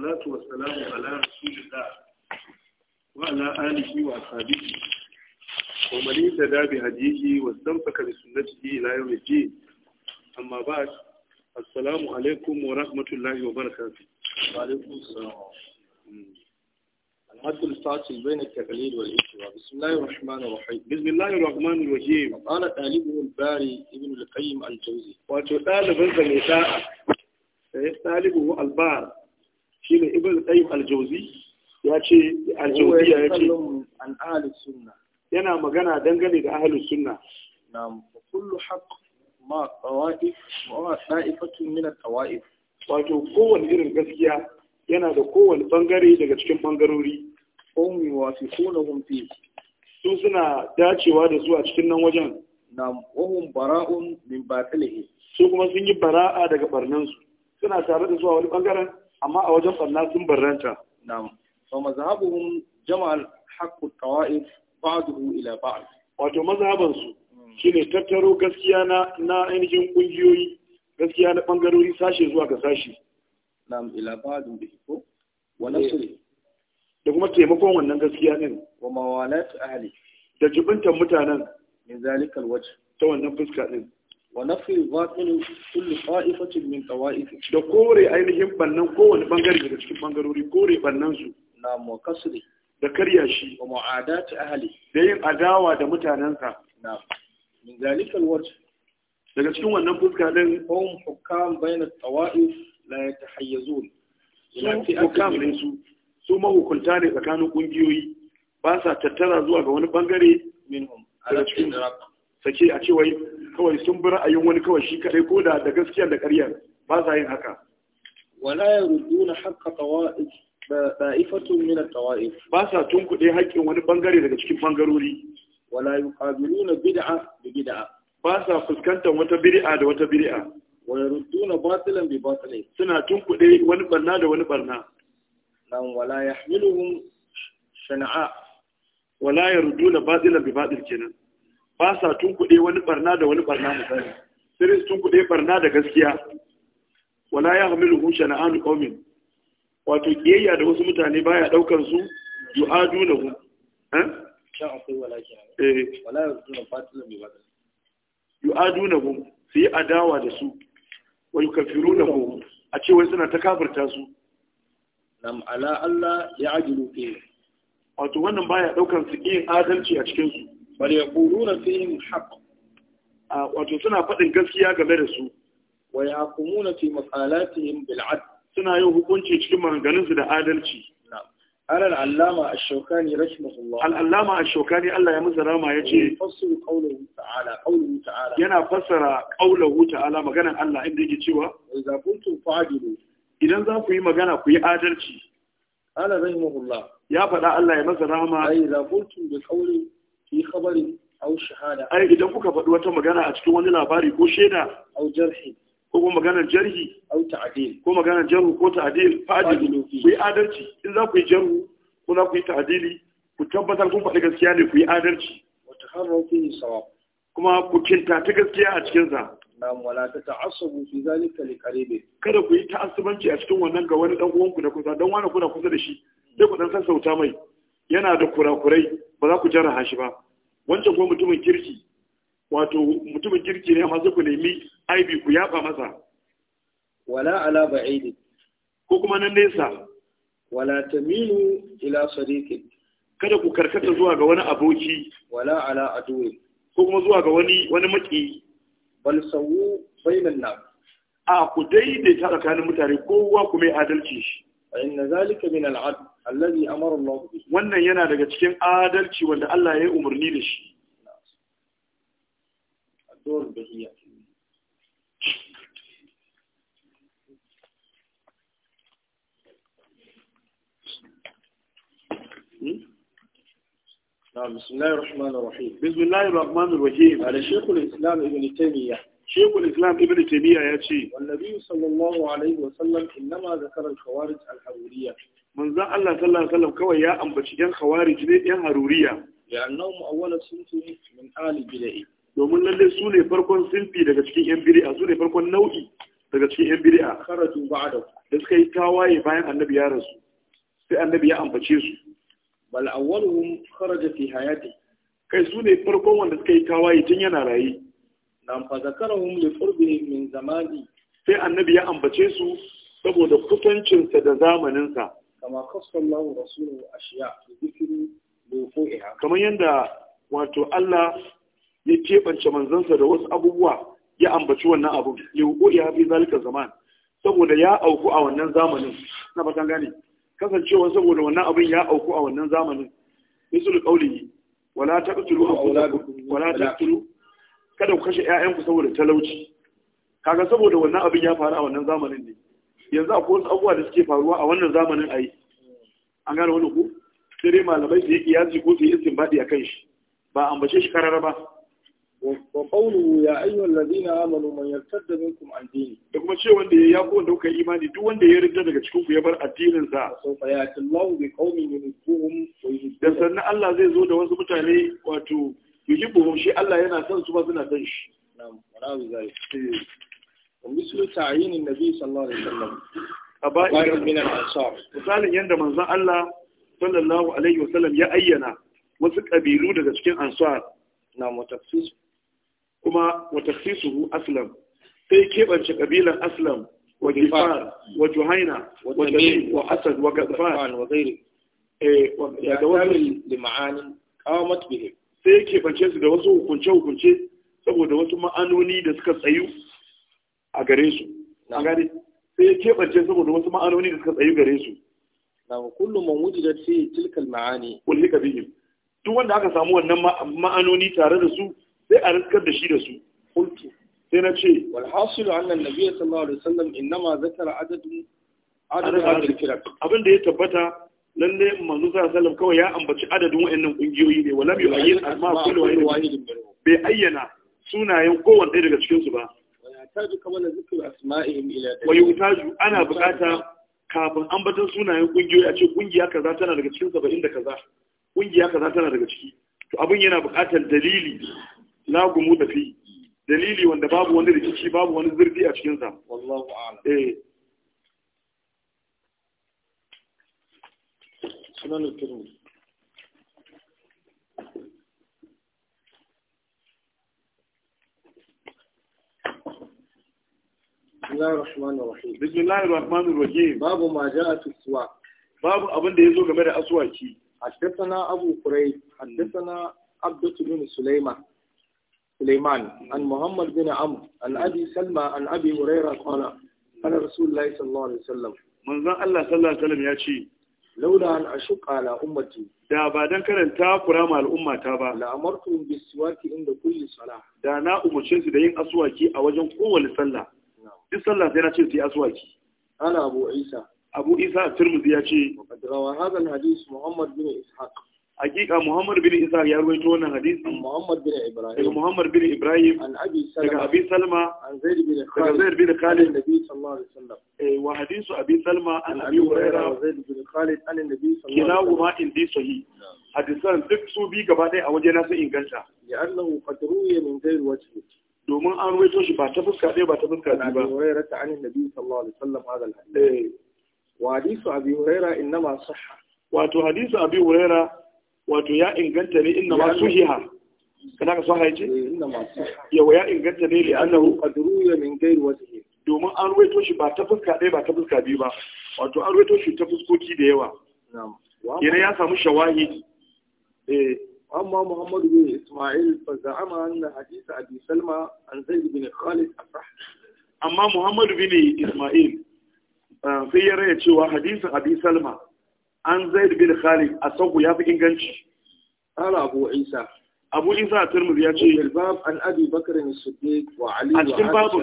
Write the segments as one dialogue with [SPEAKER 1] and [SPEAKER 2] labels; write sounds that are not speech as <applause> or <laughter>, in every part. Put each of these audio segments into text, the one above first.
[SPEAKER 1] salatu wa salamu ala rasulillah wa ala alihi wa ashabihi wa man yata bi hadihi wa istamsaka bi sunnatihi ila yawm al-din amma ba'd assalamu alaikum wa rahmatullahi wa barakatuh wa alaikum assalam الحد الفاصل بين التقليد والاتباع بسم الله الرحمن الرحيم بسم الله al الرحيم قال طالبه الباري ابن القيم الجوزي وتطالب الغميساء al البار shi ne ibn qayyim al ya ce al ya ce yana magana dangane da ahalus sunna Na kullu haqq ma qawaif ma da'ifatun min al wato kowanne irin gaskiya yana da kowane ɓangare daga cikin ɓangarori? bangarori wasu yuwafiqunahum fi su suna dacewa da su a cikin nan wajen na wa bara'un min batilihi su kuma sun yi bara'a daga barnansu suna tare da zuwa wani ɓangaren? amma a wajen ɓanna sun barranta na'am fa mazhabuhum jama'al haqqu tawaif ba'dahu ila ba'd wato mazhaban su hmm. shine tattaro gaskiya na na ainihin kungiyoyi gaskiya na bangarori sashe zuwa ga sashe mu ila da bihi ko wa eh. nasri da kuma taimakon wannan gaskiya din wa mawalat ahli da jibintan mutanen min zalikal wajh ta wannan fuska din wa nafi batilin kulli qa'ifatin min qawa'if da kore ainihin bannan kowane bangare daga cikin bangarori kore bannan su na muqassidi da karya shi wa mu'adati ahli da yin adawa da mutanansa na min zalika alwajh daga cikin wannan fuska din hum hukam bayna tawa'if la yatahayyazun ila hukam ne su su mahukunta ne tsakanin kungiyoyi ba sa tattara zuwa ga wani bangare minhum ala cikin sake a cewa kawai sun bi ra'ayin wani kawai shi kadai ko da da gaskiya da ƙarya ba sa yin haka wala yurduna haqqa tawa'if da'ifatun min at-tawa'if ba sa tunkuɗe haƙƙin wani bangare daga cikin bangarori wala yuqabiluna bid'a bi bid'a ba sa fuskantar wata bid'a da wata bid'a wa yurduna batilan bi batilin suna tunkuɗe wani barna da wani barna nan wala yahmiluhum shana'a wala yurduna batilan bi batil kenan ba sa tunkuɗe wani barna da wani barna misali sai su tunkuɗe barna da gaskiya wala ya hamilu husha na anu omin. wato kiyayya da wasu mutane baya daukar su yu'adunahu eh wala eh. yu'aduna fatilan bi na hu su yi adawa da su wa a ce wai suna ta kafirta su nam ala Allah ya ajilu fi wato wannan baya ɗaukar su yin adalci a cikin su bal yaquluna fihim haqq wato suna faɗin gaskiya game da su wa yaqumuna fi mas'alatihim bil adl suna yin hukunci cikin maganganunsu da adalci قال العلامة الشوكاني رحمه الله العلامة الشوكاني الله يمزل رحمه يجي يفسر قوله تعالى قوله تعالى ينا فسر قوله تعالى مغانا الله عند يجي تيوا إذا كنتم فعدلوا إذا ذا في مغانا في آدلتي قال رحمه الله يا فدا الله يمزل رحمه إذا كنتم بقول fi khabari aw shahada ai idan kuka faɗi wata magana a cikin wani labari ko shaida aw jarhi ko kuma maganar jarhi aw ta'dil ko maganar jarhu ko ta'dil fa'dilu ku yi adalci in za ku yi jarhu ko za ku yi ta'dili ku tabbatar kun faɗi gaskiya ne ku yi adalci wa taharru fihi sawab kuma ku kinta ta gaskiya a cikin sa nam wala ta'assubu fi zalika li qaribi kada ku yi ta'assubanci a cikin wannan ga wani dan uwanku da kusa dan wani kuna kusa da shi sai ku dan sassauta mai yana da kurakurai ba za ku jara shi ba wancan ko mutumin kirki wato mutumin kirki ne amma ku nemi aibi ku yaba masa wala ala ba'idi ko kuma nan nesa wala tamilu ila sadiqi kada ku karkata zuwa ga wani aboki wala ala aduwi ko kuma zuwa ga wani wani maki bal sawu bainan nas a ku daidaita tsakanin mutane kowa ku mai adalci shi فإن ذلك من العدل الذي أمر الله به wannan yana daga cikin adalci wanda Allah ya yi umarni da shi الدور البهية نعم بسم الله الرحمن الرحيم بسم الله الرحمن الرحيم على شيخ الإسلام ابن تيمية shekul islam ibn taymiya ya ce wallabi sallallahu alaihi wasallam innama zakara al-khawarij al-haruriyya manzon Allah sallallahu kawai ya ambaci yan khawarij ne yan haruriyya ya annahum awwala sunfi min ali bid'ah domin lalle su ne farkon sunfi daga cikin yan bid'a su ne farkon nau'i daga cikin yan bid'a kharaju ba'da da suka yi tawaye bayan annabi ya rasu sai annabi ya ambace su bal awwaluhum kharaja fi hayati kai su ne farkon wanda suka yi tawaye tun yana raye an fa zakarahum li qurbihi min zamani sai annabi ya ambace su saboda sa da zamaninsa kama kasallahu rasuluhu ashiya zikri luquha kamar yanda wato Allah ya keɓance manzansa da wasu abubuwa ya ambaci wannan abu luquha bi zalika zaman saboda ya auku a wannan zamanin na fatan gane kasancewa saboda wannan abin ya auku a wannan zamanin misul qawlihi wala taqtulu wala taqtulu kada ku kashe ƴaƴanku saboda talauci kaga saboda wannan abin ya faru a wannan zamanin ne yanzu akwai wasu abubuwa da suke faruwa a wannan zamanin ayi an gane wani ku sai dai malamai su yi kiyasi ko su yi istinbadi a kan shi ba ambace shi karara ba wa qawluhu ya ayyuhal ladina amanu man yartadda minkum an dini da kuma ce wanda ya yafo wanda kuka imani duk wanda ya rinda daga cikin ku ya bar addinin sa sawfa ya'ti Allahu bi qaumin yuhibbuhum wa yuhibbuhum dan sannan Allah zai zo da wasu mutane wato yuhibbuhum shi Allah yana son su ba suna son shi na'am wala zai eh, wa mislu ta'yin annabi sallallahu alaihi wasallam qaba'ir min al-ansar misalin yanda manzon Allah sallallahu alaihi wasallam ya ayyana wasu kabilu daga cikin ansar na mutafsis kuma watafsisuhu aslam sai kebance kabilan aslam wa jifar wa juhaina wa tamim wa asad wa gadfan wa ghairi eh wa da wasu lima'anin qamat bihim sai yake bance su da wasu hukunce-hukunce saboda wasu ma'anoni da suka tsayu a gare su a sai ya keɓance saboda wasu ma'anoni da suka tsayu gare su na kullum man wuji da ce tilkal ma'ani kulli kabihim duk wanda aka samu wannan ma'anoni tare da su sai a riskar da shi da su kultu sai na ce wal hasilu anna nabiya sallallahu alaihi wasallam in zakara adadun adadin adadin kirak abin da ya tabbata lalle manzo sa sallam kawai ya ambaci adadin wayannan kungiyoyi ne bi ayyin asma kullu wahidin bai ayyana sunayen kowanne ɗaya daga cikin su ba wa yutaju ana bukata kafin ambaton sunayen kungiyoyi a ce kungiya kaza tana daga cikin 70 da kaza kungiya kaza tana daga ciki to abin yana bukatar dalili la gumu da fi dalili wanda babu wani rikici babu wani zurfi a cikin sa wallahu a'lam eh sunan turmi bismillahi rahmanu rahim babu ma ja a tuswa babu abinda ya zo game da aswaki a tattana abu kurai a tattana abdutu bin suleiman suleiman muhammad bin amu an abi salma an abi hurairah kwana kana rasulullahi sallallahu alaihi wasallam manzon allah sallallahu alaihi ya ce laula an ashuka ala ummati da ba dan karanta kura ma al'umma ta ba la amartu bi siwaki inda kulli salah da na umurce su da yin aswaki a wajen kowace sallah duk sallah sai na ce su yi aswaki ana abu isa abu isa tirmidhi ya ce wa hadha al hadith muhammad bin ishaq hakika Muhammad bin Isa ya ruwaito wannan hadisi Muhammad bin Ibrahim daga Muhammad bin Ibrahim Salma daga Abi Salma an Khalid daga Zaid bin Khalid eh, Khalid hadisan duk su bi gaba ɗaya a waje na inganta ya annahu qad ruwiya min ghairi domin an ruwaito shi ba ta fuska ɗaya ba ta fuska biyu ba Abi Hurairah ta an Nabi sallallahu alaihi wasallam hada al hadith eh. wa hadisu Abi Hurairah innama sahha wato hadisu Abi Hurairah wato ya inganta ne inna ma hiha. kana ka sahaye ce eh, inna ma yawa ya inganta ne da annahu ya min ghairi wajhi domin an ruwaito shi ba ta fuska ɗaya ba ta fuska biyu ba wato an ruwaito shi ta fuskoki da yawa yana ya samu shawahi eh amma muhammadu bin isma'il fa za'ama anna hadith abi salma an zaid bin khalid afrah amma muhammadu bin isma'il ah, sai ya raya cewa hadisin abi salma an zaid bin khalid asahu ya fi inganci qala abu isa abu isa turmudi ya ce bab an abi siddiq wa ali a cikin babu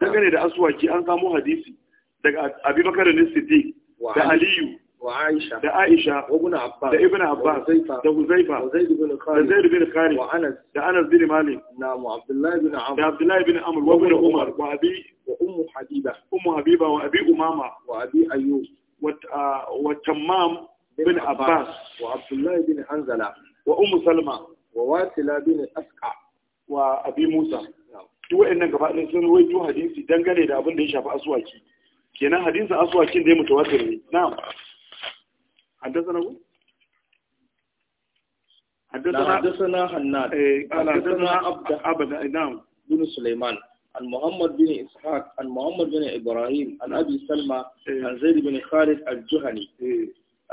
[SPEAKER 1] dangane da aswaki an samu hadisi daga abi bakr siddiq da aliyu da aisha da da ibn abbas da huzaifa da zaid bin khalid wa anas da anas bin malik na mu bin amr da Abdullahi bin amr wa ibn umar wa abi wa ummu habiba ummu habiba wa abi umama wa abi ayyub وتمام بن عباس وعبد wa بن uh, Salma, وأم سلمة وواتلة بن أسقع وأبي موسى duk waɗannan gaba ɗaya sun rawaito hadisi dangane da abin da ya shafi aswaki kenan hadisin aswakin da ya mutawatir ne na'am حدثنا هو حدثنا حدثنا حناد قال حدثنا عن محمد بن إسحاق عن محمد بن إبراهيم عن أبي سلمى عن زيد بن خالد الجهني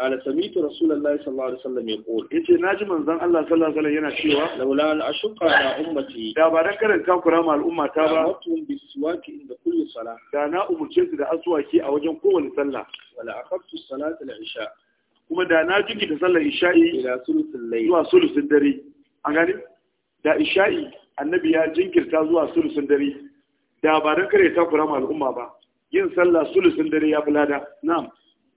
[SPEAKER 1] قال سميت رسول الله صلى الله عليه وسلم يقول manzon Allah sallallahu alaihi yana cewa laula an ashuqa ala ummati da ba dan karin takura ma al'umma ta ba mutum bi siwaki inda kulli salah da na umurce su da aswaki a wajen kowace sallah wala akhadtu salat al-isha kuma da na jiki sallar isha'i ila sulusul layl dare da isha'i annabi ya jinkirta zuwa sulusun dare da ba don kare ta ma al'umma ba yin sallah sulusun dare ya fi lada na'am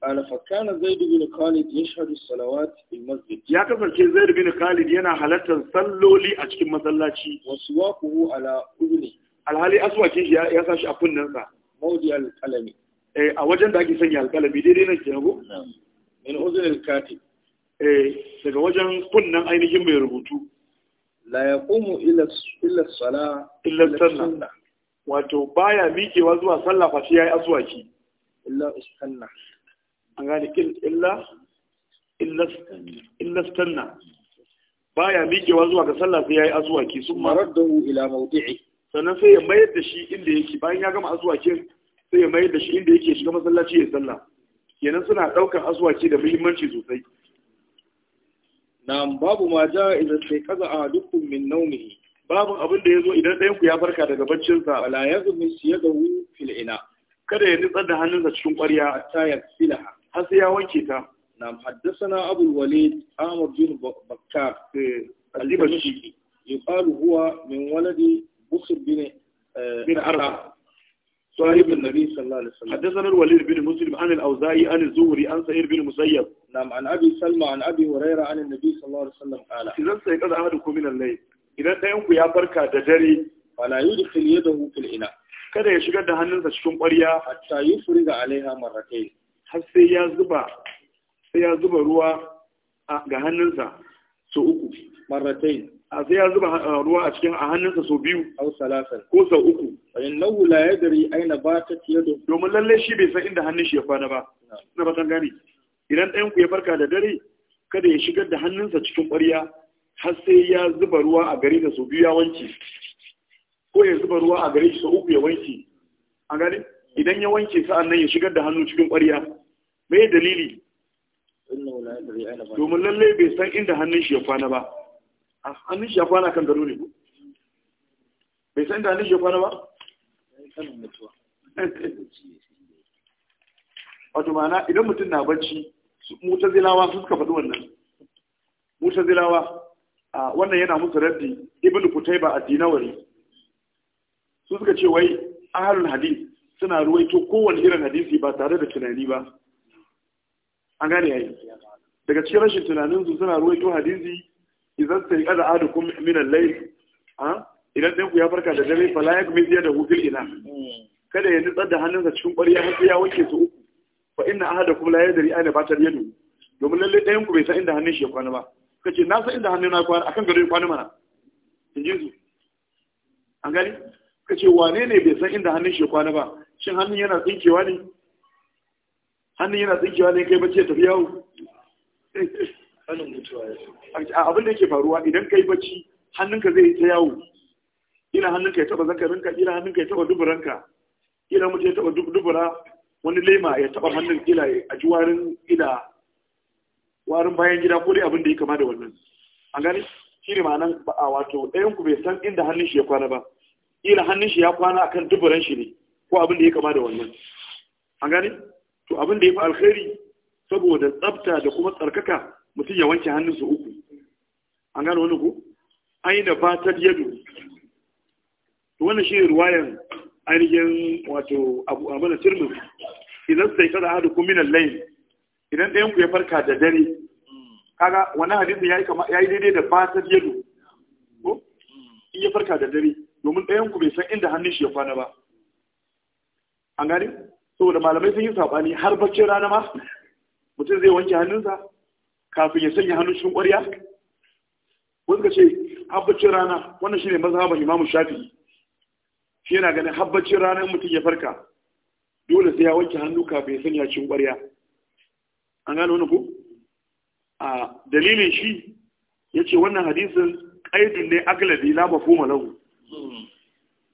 [SPEAKER 1] ala fakkana zaid bin Khalid yashhadu salawat fil masjid ya كفر شيء زيد بن Khalid yana حالتا salloli a cikin masallaci waswaquhu ala udni alhali aswaki ya ya sashi a kunnan sa al qalami eh a wajen da ake sanya dai daidai nan kenan ko min udni katib eh daga wajen kunnan ainihin mai rubutu la yaqumu illa illa sala illa sunnah wato baya miƙewa zuwa sallah fa sai yayi aswaki illa istanna an gane kin illa illa illa istanna baya miƙewa zuwa ga sallah sai yayi aswaki sun maraddahu ila mawdi'i sannan sai ya mayar da shi inda yake bayan ya gama aswakin sai ya mayar da shi inda yake shiga masallaci ya sallah kenan suna ɗaukar aswaki da muhimmanci sosai Na babu ma ja'a idan sai kaza a dukkan min naumihi Babu abin da ya zo idan ɗayan ku ya farka daga baccinsa ala ya zumi shi ya zawu fil ina kada ya nutsar da hannunsa cikin ƙwarya ta ya fila har sai ya wanke ta na haddasana abul walid amr bin bakkar eh, al-dibashi yuqalu huwa min waladi busr bin eh, bin صاحب النبي صلى الله عليه وسلم حدثنا الوليد بن مسلم عن الأوزاعي عن الزهري عن سعيد بن مسيب نعم عن أبي سلمى عن أبي هريرة عن النبي صلى الله عليه وسلم قال إذا استيقظ أحدكم من الليل idan ɗayan ku ya farka da dare fala yudkhil yadahu fil ina kada ya shigar da hannunsa cikin ƙwarya hatta yufriga alaiha marratayn har sai ya zuba sai ya zuba ruwa ga hannunsa so uku marratayn a sai ya zuba ruwa a cikin a hannunsa so biyu aw salasan ko so uku fa innahu la yadri aina batat yadu domin lalle shi bai san inda hannun shi ya kwana ba na ba san gani idan ɗayan ku ya farka da dare kada ya shigar da hannunsa cikin ƙwarya har sai ya zuba ruwa a gari da sau biyu ya wanke ko ya zuba ruwa a gari su sau uku ya wanke a gari, idan ya wanke sa'an nan ya shigar da hannu cikin ƙwarya me dalili domin lallai bai san inda hannun shi ya kwana ba ah, hannun shi ya kwana kan garo ne bai san inda hannun shi ya kwana ba wato ma'ana idan mutum na bacci mutazilawa su suka faɗi wannan mutazilawa wannan yana musu raddi ibnu kutaiba ad-dinawari su suka ce wai ahlul hadith suna ruwaito kowane irin hadisi ba tare da tunani ba an gane yayi daga cikin rashin tunanin su suna ruwaito hadisi idan sai kada adukum min al-layl a idan dan ku ya farka da dare fa la yakmil yada hukil ina kada ya nutsar da hannunsa cikin ƙwarya har sai ya wanke su uku fa inna ahadakum la yadri ana batar yadu domin lalle ɗayan ku bai san inda hannun shi ya kwana ba kace na san inda hannuna ya kwana akan gado ya kwana mana in ji su an gani kace wane ne bai san inda hannun shi ya kwana ba shin hannun yana tsinkewa ne hannun yana tsinkewa ne kai bacci ya tafi yawo <laughs> abin da yake faruwa idan kai bacci hannunka zai ta yawo ina hannunka ya taba zakarinka ina hannunka ya taba duburanka ina mutum ya taba dubura wani lema ya taba hannun ila a juwarin ila warin bayan gida ko dai abin da ya kama da wannan an gani shi ne ma'anan a wato ɗayan ku bai san inda hannun shi ya kwana ba ila hannun shi ya kwana akan duburan shi ne ko abin da ya kama da wannan an gani to abin da ya fi alkhairi saboda tsafta da kuma tsarkaka mutum ya wanke hannun su uku an gani wani ku aina fatar yadu to wannan shi ne ruwayan ainihin wato abu amana tirmin idan sai kada hadu kun minan layin idan ɗayan ku ya farka da dare kaga wannan hadisin yayi kama yayi daidai da fatar yadu ko in ya farka da dare domin ɗayan ku bai san inda hannun shi ya kwana ba an gani saboda malamai sun yi sabani har baccin rana ma mutum zai wanke hannunsa kafin ya sanya hannun cikin ƙwarya wasu ka ce habbacin rana wannan shine mazhaban imamu shafi shi yana ganin habbacin rana mutum ya farka dole sai ya wanke hannu kafin ya sanya cikin ƙwarya an gano wani ku a dalilin shi ya ce wannan hadisin ƙaidun ne agladi la ba fuma lahu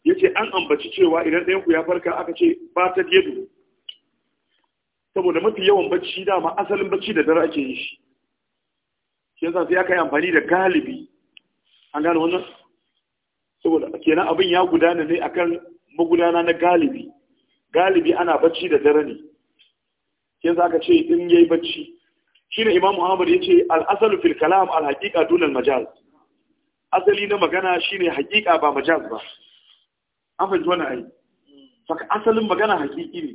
[SPEAKER 1] ya ce an ambaci cewa idan ɗayan ku ya farka aka ce ba ta gedu. saboda mafi yawan bacci dama asalin bacci da dare ake yi shi shi yasa sai aka yi amfani da galibi an gano wannan saboda kenan abin ya gudana ne akan magudana na galibi galibi ana bacci da dare ne ke za ka ce in yayi bacci shi ne imam muhammad ya ce al'asalu fil kalam al-haƙiƙa dunan majaz asali na magana shi ne haƙiƙa ba majaz ba an fahimci wani ayi saka asalin magana haƙiƙi ne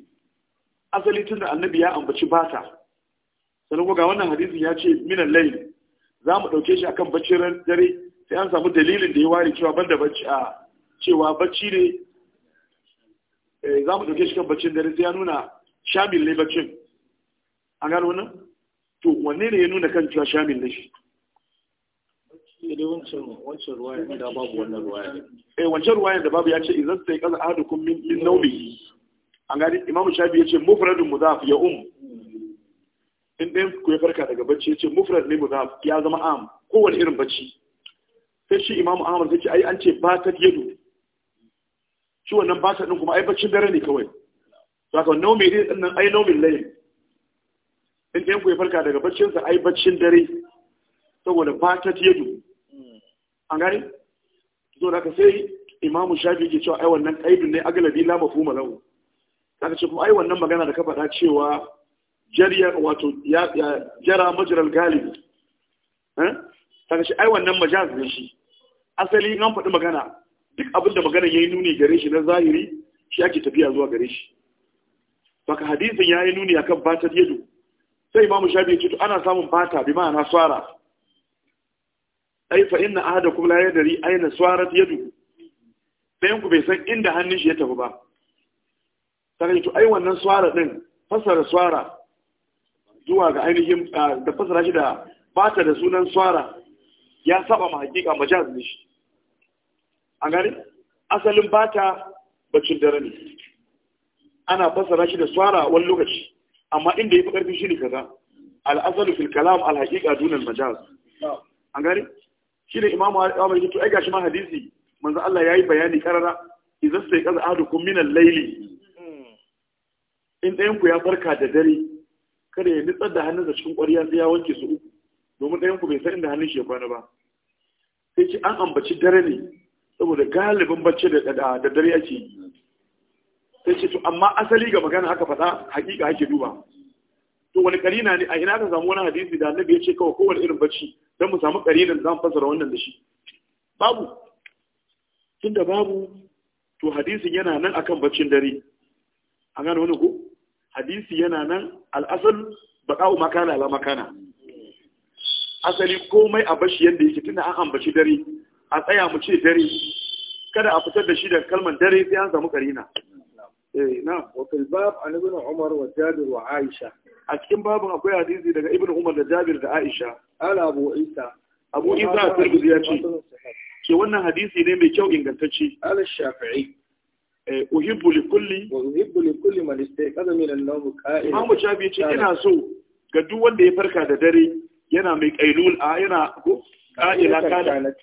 [SPEAKER 1] asali tun da annabi ya ambaci bata sannan ga wannan hadisin ya ce minan layi za mu ɗauke shi akan bacci ran dare sai an samu dalilin da ya ware cewa banda bacci a cewa bacci ne eh, za mu ɗauke shi kan baccin dare sai ya nuna shamil ne baccin an gano wannan to wanne ne ya nuna kan cewa shamil ne shi da babu wannan eh wancan ruwayan da babu ya ce idan sai kaza ahadukum min min nawmi an gani imamu shafi ya ce mufradun mudaf ya um in dai ku ya farka daga bacci ya ce mufrad ne mudaf ya zama am kowane irin bacci sai shi imamu ahmad ya ce ai an ce ba ta yadu shi wannan ba ta din kuma ai baccin dare ne kawai saka nawmi din nan ai nawmin layl in ɗan ku ya farka daga baccinsa ai baccin dare saboda ba ta tiyedu an gani zo da ka sai imamu shafi ke cewa ai wannan kaidun ne agalabi la mafhuma lahu ka ce kuma ai wannan magana da ka faɗa cewa jariya wato ya jara majral galibi eh kaga ce ai wannan majaz ne shi asali an faɗi magana duk abin da magana yayi nuni gare shi na zahiri shi ake tafiya zuwa gare shi baka hadisin yayi nuni akan batar yadu sai imamu shafi ya ce to ana samun fata bi ma'ana swara ai fa inna ahadakum la yadri tsara swarat yadu dayan ku bai san inda hannun shi ya tafi ba kai to ai wannan tsara din fasara tsara zuwa ga ainihin da fasara shi da fata da sunan tsara ya saba ma hakika majaz ne shi an gani asalin fata bacin dare ne ana fasara shi da tsara wani lokaci amma inda ya ƙarfi karfi ne kaza al fil kalam al dunan a majaz an shi ne imamu Ahmad yi to ai gashi ma hadisi manzan Allah yi bayani karara idan sai kaza ahadukum minan laili. in ɗayan ku ya farka da dare kada ya nitsar da hannunsa cikin ƙwarya sai ya wanke su uku domin ɗayan ku bai san inda hannun shi ya kwana ba sai ce an ambaci dare ne saboda galibin bacci da dare ake yi sai ce to amma asali ga magana haka faɗa hakika hake duba to wani karina ne a ina ka samu wani hadisi da annabi ya ce kawai kowane irin bacci don mu samu da zan fasara wannan da shi babu tunda babu to hadisin yana nan akan baccin dare an gane wani ko hadisi yana nan al'asal baƙa'u makana la makana asali komai a bashi yadda yake tunda an ambaci dare a tsaya mu ce dare kada a fitar da shi da kalmar dare sai an samu karina eh na wa fil bab an umar wa jabir aisha a cikin babin akwai hadisi daga ibn umar da jabir da aisha ala abu isa a turbizi ya ce ke wannan hadisi ne mai kyau ingantacce ala shafi'i eh, kulli wa uhibbu ina so ga wanda ya farka da dare yana mai qailul a yana ko qa'ila kana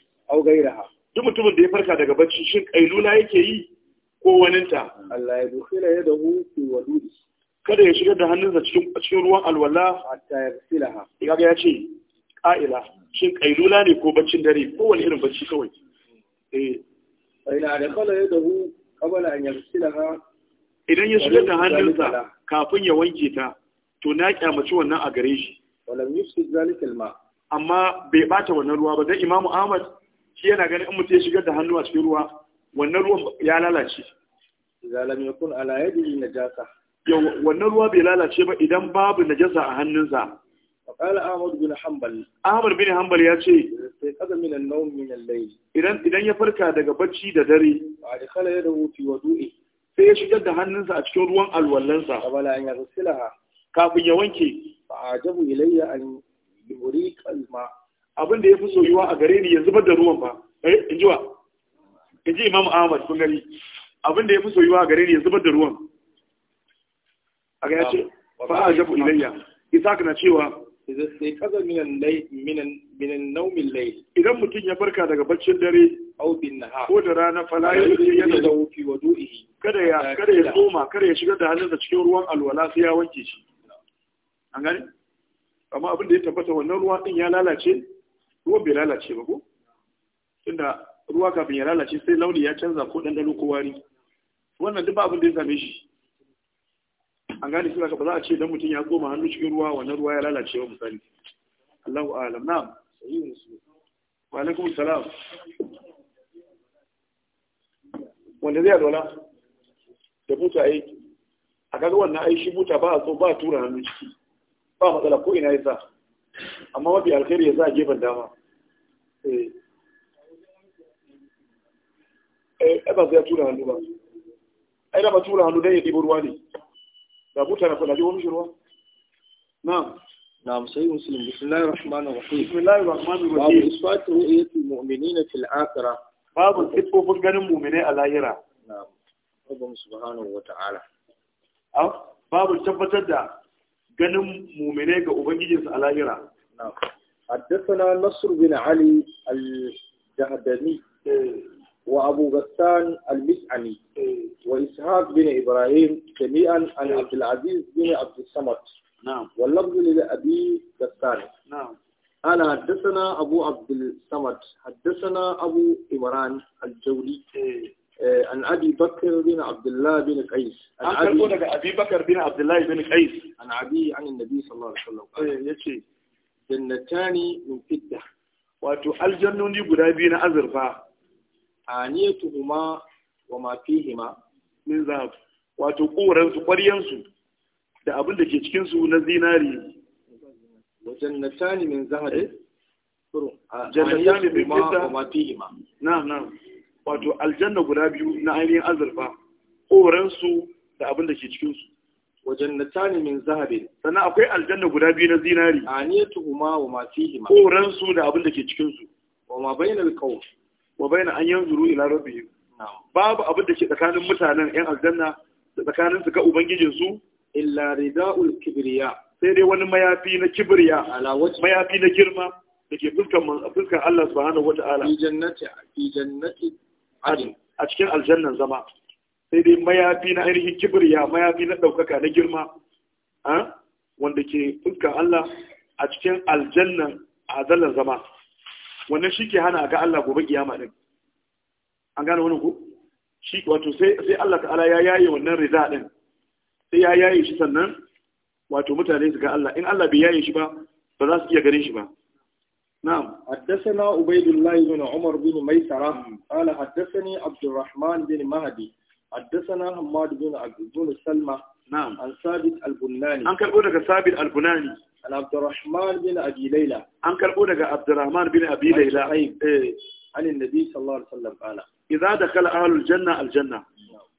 [SPEAKER 1] duk mutumin da ya farka daga barci shin qailula yake yi ko waninta Allah ya dukila ya da fi wadudi kada ya shigar da hannunsa cikin cikin ruwan alwala hatta ya silaha kaga ya ce qa'ila shin qailula ne ko baccin dare ko wani irin bacci kawai eh ina da kala ya hu qabla an ha. idan ya shigar da hannunsa kafin ya wanke ta to na kyamaci wannan a gare shi walam yusfi zalikal ma. amma bai bata wannan ruwa ba dan imamu ahmad shi yana ganin in mutum ya shigar da hannu a cikin ruwa wannan ruwan ya lalace zalam yakun ala yadi najasa yau wannan ruwa bai lalace ba idan babu najasa a hannunsa qala ahmad bin فقال أحمد بن حنبل أحمد بن حنبل يا شيء استيقظ min al-layl idan idan ya farka daga bacci da dare أدخل يده fi wudu'i sai ya shigar da hannunsa a cikin ruwan alwallansa qabala an yarsilaha kafin ya wanke fa ajabu ilayya an yuriq alma abin da yafi soyuwa a gare ni yanzu bar da ruwan ba eh injiwa in ji imamu ahmad kun gani abin da ya fi soyuwa gare ni ya zubar da ruwan a ga ya ce fa a jafu ilayya isaac na cewa idan sai kaza minan lai minan minan naumin lai idan mutum ya farka daga baccin dare au bin ko da rana fala ya da wufi wa du'ihi kada ya kada ya tsoma kada ya shigar da hannunsa cikin ruwan alwala sai ya wanke shi an gani amma abin da ya tabbata wannan ruwa din ya lalace ruwan bai lalace ba ko tunda ruwa kafin ya lalace sai launi ya canza ko dalu ko wari wannan duk abin da ya same shi an gane suna ka ba za a ce dan mutum ya goma hannu cikin ruwa wannan ruwa ya lalace wa misali Allahu a'lam na'am wa alaikum salam wanda zai alwala da buta ai a kaga wannan ai shi buta ba a so ba tura hannu ciki ba matsala ko ina ya sa amma mafi alkhairi ya sa gefen dama eh Eh, ba zai tura hannu ba ai raba tura hannu don ya ɗibo ne da buta na kula jihon shirwa na na musayi musulun bisillahi rahmanu rahim bisillahi babu isfatu ru'ayyatu mu'minina fil akhira babu sifofin ganin mu'mine a lahira babu tabbatar da ganin mu'mine ga ubangijinsa a lahira حدثنا نصر Ali علي الجهدني eh. وأبو غسان المسعني إيه. وإسحاق بن إبراهيم جميعا عن نعم. عبد العزيز بن عبد الصمد نعم واللفظ لأبي غسان نعم قال حدثنا أبو عبد الصمد حدثنا أبو عمران الجولي إيه. آه، عن أبي بكر بن عبد الله بن قيس عن أبي بكر بن عبد الله بن قيس عن أبي عن النبي صلى الله عليه وسلم اي يتي جنتان من فدة واتو aljannoni guda biyu na aniyatuhuma wa ma fihima min zahab wato kuran su ƙwaryan su da abin da ke cikin su na zinari wa jannatani min zahab eh? jannatani min wa ma fihima na'am wato aljanna guda biyu na ainihin azurfa koren su da abin da ke cikin su wajen na tani min zahabe sannan akwai aljanna guda biyu na zinari a ne tuhuma wa masu hima koren su da abin da ke cikin su wa ma bayyana kawo wa bayna an yanzuru ila rabbihim babu abin da ke tsakanin mutanen yan aljanna da tsakanin su ga ubangijin su illa ridaul kibriya sai dai wani mayafi na kibriya mayafi na girma da ke fuskan Allah subhanahu wata'ala fi jannati fi jannati a cikin aljannan zama sai dai mayafi na ainihin kibriya mayafi na daukaka na girma ah, wanda ke fuskan Allah a cikin aljannan azalan zama wannan shi ke hana ga Allah gobe kiyama din an gane wani ku shi wato sai Allah ta'ala ya yaye wannan rida din sai ya yaye shi sannan wato mutane su ga Allah in Allah bai yaye shi ba ba za su iya ganin shi ba Na'am. حدثنا عبيد الله بن عمر بن ميسرة قال حدثني عبد الرحمن بن مهدي حدثنا حماد Salma. na'am an sabit al-bunani an karbo daga sabit al-bunani an abdurrahman bin abi an karbo daga abdurrahman bin abi laila eh an annabi sallallahu alaihi wasallam qala idza dakhala ahlul janna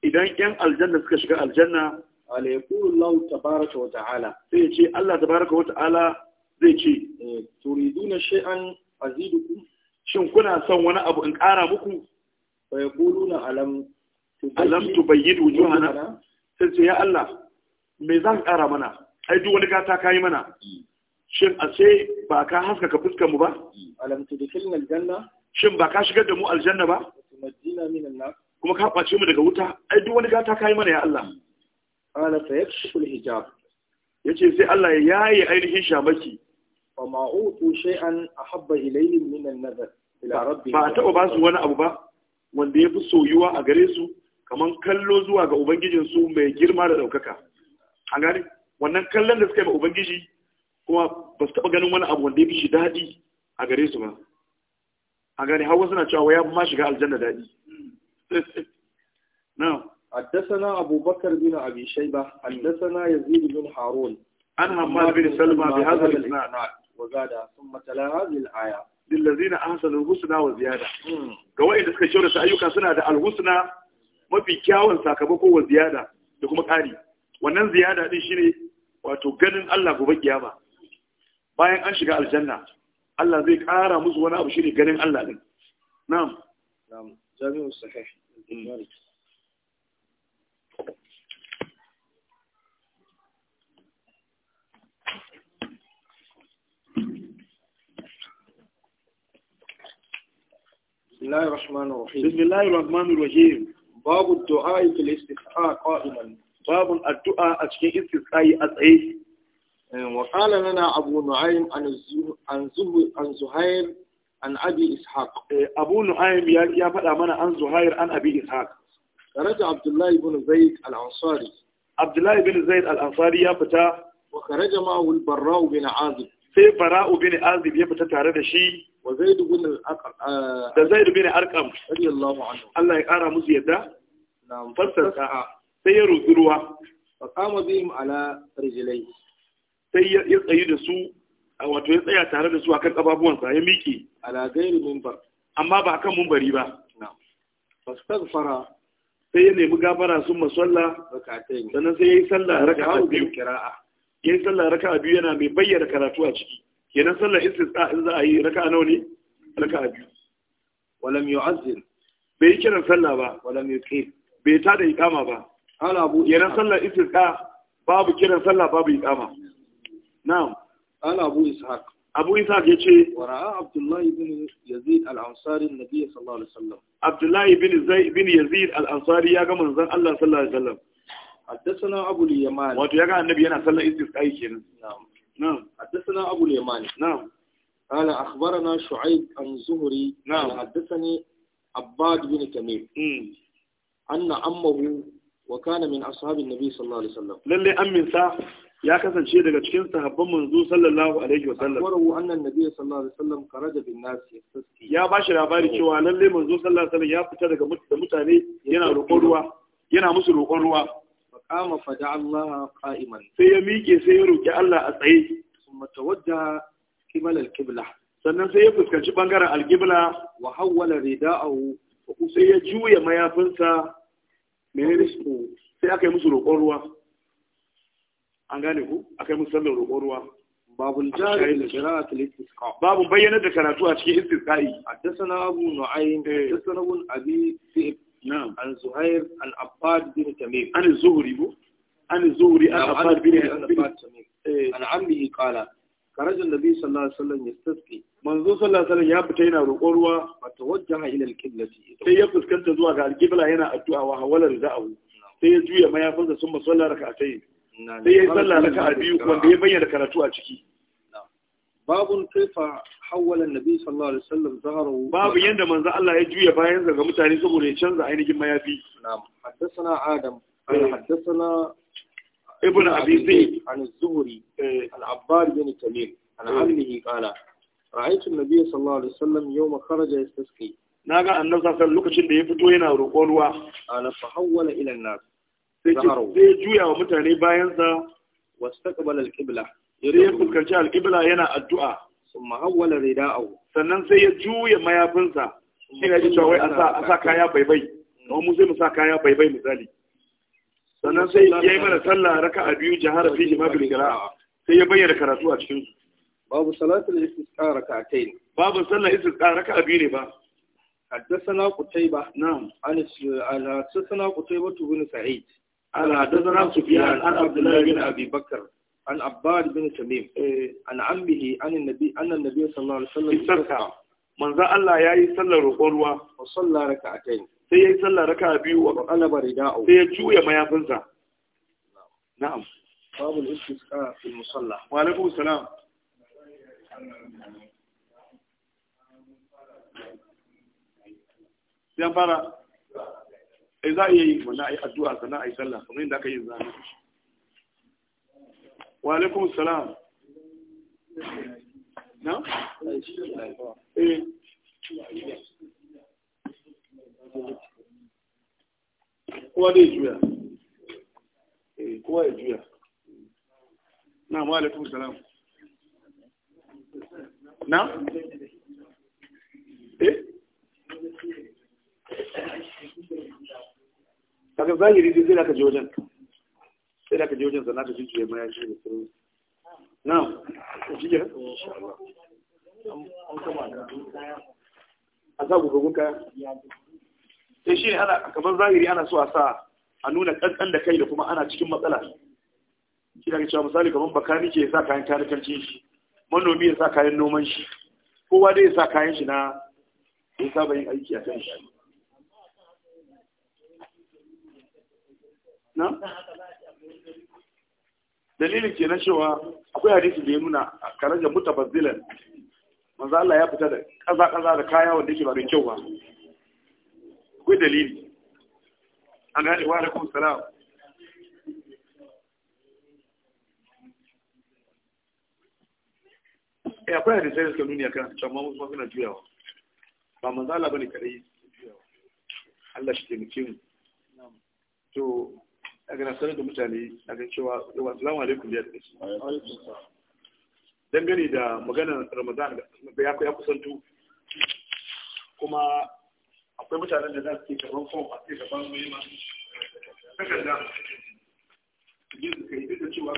[SPEAKER 1] idan yan aljanna suka shiga aljanna ala lau allah wa ta'ala sai ce allah tabaaraka wa ta'ala zai ce eh, turiduna shay'an azidukum shin kuna son wani abu in ƙara muku fa yaquluna alam alam tubayyid wujuhana sai ce ya Allah me za ka ƙara mana ai duk wani gata kai mana shin a ce ba ka haskaka fuskar mu ba alam tudkhilna aljanna shin ba ka shigar da mu aljanna ba tumajjina min nar kuma ka kwace mu daga wuta ai duk wani gata kai mana ya Allah ala fa fayakshifu alhijab yace sai Allah ya yayi ainihin shamaki wa ma utu shay'an ahabba ilayhi min an-nazar ila rabbi ba ta ba su wani abu ba wanda yafi soyuwa a gare su Kaman kallo zuwa ga Ubangijinsu mai girma da ɗaukaka. An gani? Wannan kallon da suka yi ma Ubangiji kuma ba su taɓa ganin wani abu wanda ya fi shi daɗi a gare su ba. An gani? Hawa suna cewa ya ma shiga aljanna daɗi. Na. Haddasana Abubakar bin Abi Shaiba, haddasana Yazid bin Harun. An hamma bin Salma bi hazal isna'na wa gada sun matala hazal aya. Lillazina ahsanu husna wa ziyada. Ga wa'anda suka shaura su ayyuka suna da al alhusna mafi kyawun sakamako wa ziyada da kuma ƙari wannan ziyada shi ne wato ganin Allah gobe kiyama bayan an shiga aljanna Allah zai ƙara musu wani abu shi ne ganin Allah ɗin. na'am na'am jami'u بسم الله الرحمن الرحيم بسم الله الرحمن الرحيم babu du'a fil istisqa qa'iman Babu addu'a a cikin istisqai a tsaye wa qala lana abu nu'aym an an an zuhair an abi ishaq abu nu'aym ya faɗa mana an zuhair an abi ishaq karaja abdullahi ibn zaid al-ansari abdullahi ibn zaid al-ansari ya fita wa karaja ma'ahu al-barra' bin azib sai bara'u bin azib ya fita tare da shi wa bin al ah, da zaid bin arqam radiyallahu anhu Allah ya kara musu yadda na fassar sa'a sai ya roki ruwa fa qama bihim ala rijlai sai ya tsayi da su wato ya tsaya tare da su akan kafafuwansa ya miƙe ala gairi mimbar amma ba kan mumbari ba fara. sai ya nemi gafara sun masalla sallah. sannan sai ya yi sallah raka'a biyu kira'a yayin sallah raka'a biyu yana mai bayyana karatu a ciki kenan sallar istisqa in za a yi raka'a nawa ne raka'a biyu walam yu'azzir bai yi kiran sallah ba walam yuqim bai ta da iqama ba hala bu yana sallar istisqa babu kiran sallah babu iqama na'am hala abu ishaq abu ishaq yace wara'a abdullahi ibn yazid al-ansari annabi sallallahu alaihi wasallam abdullahi ibn zaid ibn yazid al-ansari ya ga manzon Allah sallallahu alaihi wasallam حدثنا ابو اليمان وأنت يغا النبي أنا صلى استسقائي كين نعم نعم حدثنا ابو اليمان نعم قال اخبرنا شعيب عن زهري نعم حدثني عباد بن تميم ان امه وكان من اصحاب النبي صلى الله عليه وسلم للي أمن سا ya kasance daga cikin sahabban manzo sallallahu alaihi wa sallam waru annan nabi sallallahu alaihi wa sallam kharaja bin nas yastaski ya bashi labari cewa lalle manzo sallallahu alaihi wa sallam ya fita daga mutane yana roƙon ruwa yana musu roƙon ruwa فقام فدعا Allah qa'iman sai ya miƙe sai ya roƙi Allah a tsaye kuma tawadda kimal al-qibla sannan sai ya fuskanci bangaren al-qibla wa hawwala rida'ahu sai ya juya mayafinsa menene sai aka yi musu roƙon ruwa an gane ku aka yi musu sallar roƙon ruwa babun jari da qira'atul istisqa babun bayyana da karatu a cikin istisqa'i haddathana abu nu'aym eh. haddathana abi na'am an zuhair al-abbad bin tamim an zuhri bu an zuhri al-abbad bin tamim an ammihi خرج النبي صلى الله عليه وسلم يستسقي منذ صلى الله عليه وسلم ya fita yana roƙon ruwa fatawajjaha ila al-qiblati sai ya fuskanta zuwa ga al-qibla yana addu'a wa hawala rida'u sai ya juya mayafinsa sun masalla raka'atayn sai ya salla biyu wanda ya bayyana karatu a ciki babun kaifa hawwalan nabi sallallahu alaihi wasallam zaharu babu yanda manzo Allah ya juya bayan ga mutane saboda ya canza ainihin mayafi na'am haddathana adam eh. an haddathana ibnu abi zayd an az-zuhri eh. al-abbar bin tamim
[SPEAKER 2] an eh. ablihi
[SPEAKER 1] qala ra'aytu an-nabiy sallallahu alaihi wasallam yawma kharaja yastasqi naga annabi sallallahu lokacin da ya fito yana roƙo ruwa ala fa ila an-nas sai ya juya wa mutane bayan sa wastaqbala al-qibla yare ya fuskanci alƙibla yana addu'a sun mahawwala rida'ahu sannan sai ya juya mayafinsa ya ji cewa wai a sa kaya baibai na mu sai mu sa kaya baibai misali sannan sai ya yi mana sallah raka a biyu jahara fi jima bil qira'a sai ya bayyana karatu a cikin babu salatul istisqa rak'atayn babu sallar istisqa raka biyu ne ba حدثنا قتيبة نعم على حدثنا قتيبة بن سعيد على حدثنا سفيان عن عبد الله بن أبي بكر عن عباد بن تميم عن عمه عن النبي أن النبي صلى الله عليه وسلم استركع من ذا الله يا يصلى ركوع وصلى ركعتين sai ya yi sallah raka biyu wa qalaba rida'u sai ya juya mayafinsa na'am babu istisqa fil musalla wa salam sai fara eh za a yi wannan ai addu'a sallah kamar yadda aka yi zani wa alaikum salam na eh kowa dai juya eh, kowa ya juya na wa alaikum salam na eh kaga zahiri zai ka sai da ka je wajen sana ta jujjuya ma ya shi da sun na jike a sa gugugun kaya sai shi ne ana kamar zahiri ana so a sa a nuna ƙanƙan da kai da kuma ana cikin matsala shi da cewa misali kamar baka nike ke sa kayan kanikanci shi manomi ya sa kayan noman shi kowa dai ya sa kayan shi na ya saba yin aiki a kan shi na dalilin na cewa akwai hadisi da ya nuna karajar mutabazzilan manzo Allah ya fita da kaza kaza da kaya wanda yake ba mai kyau ba akwai dalili an gane wa alaikum salam eh akwai hadisi da suka nuni akan cewa mu kuma suna juyawa ba manzo Allah bane kadai juyawa Allah shi ke mu to a ga sanar da mutane a ga cewa yawa salamu alaikum da yadda su dangane da maganar ramadan da ya kusantu kuma akwai mutanen da za su ke gaban fom a ke gaban mai masu takarda yin su kai duk da cewa